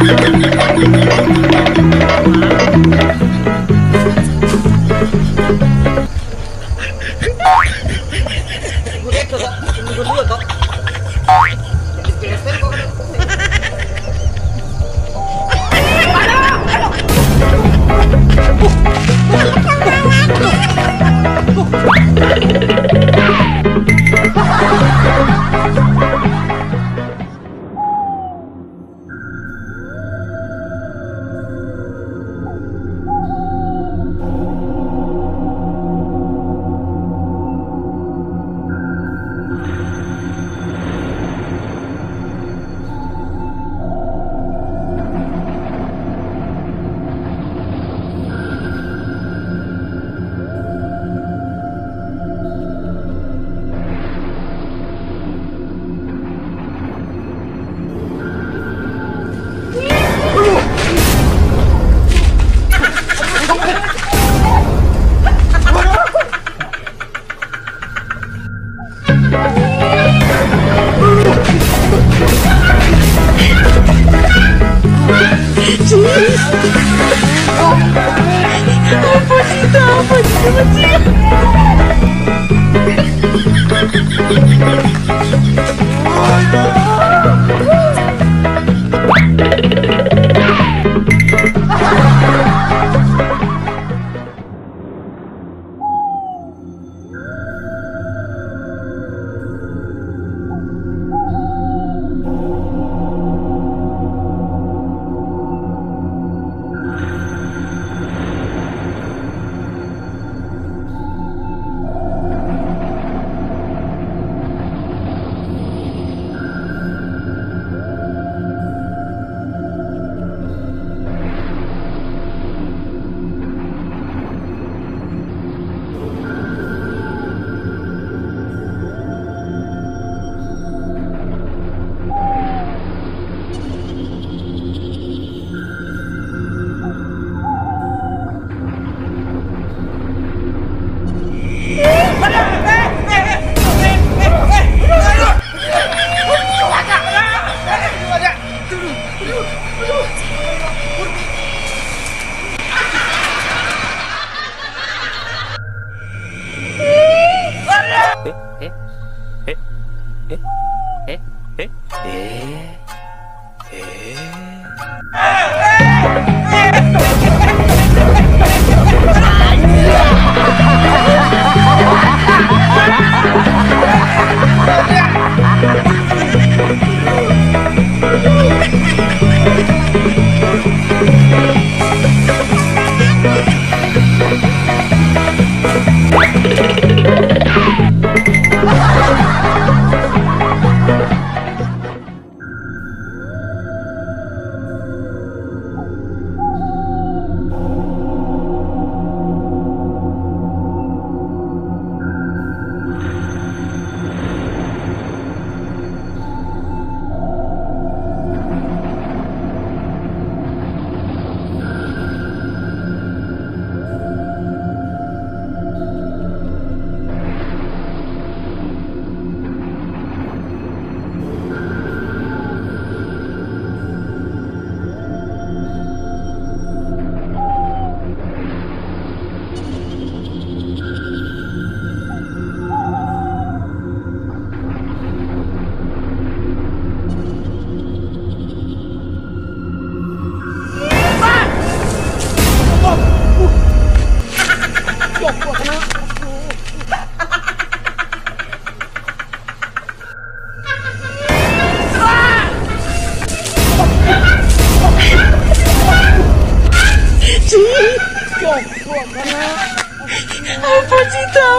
¡Suscríbete 我不我道，不不不。诶诶诶诶诶诶诶。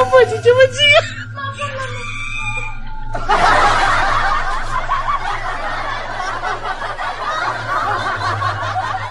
不急，不急。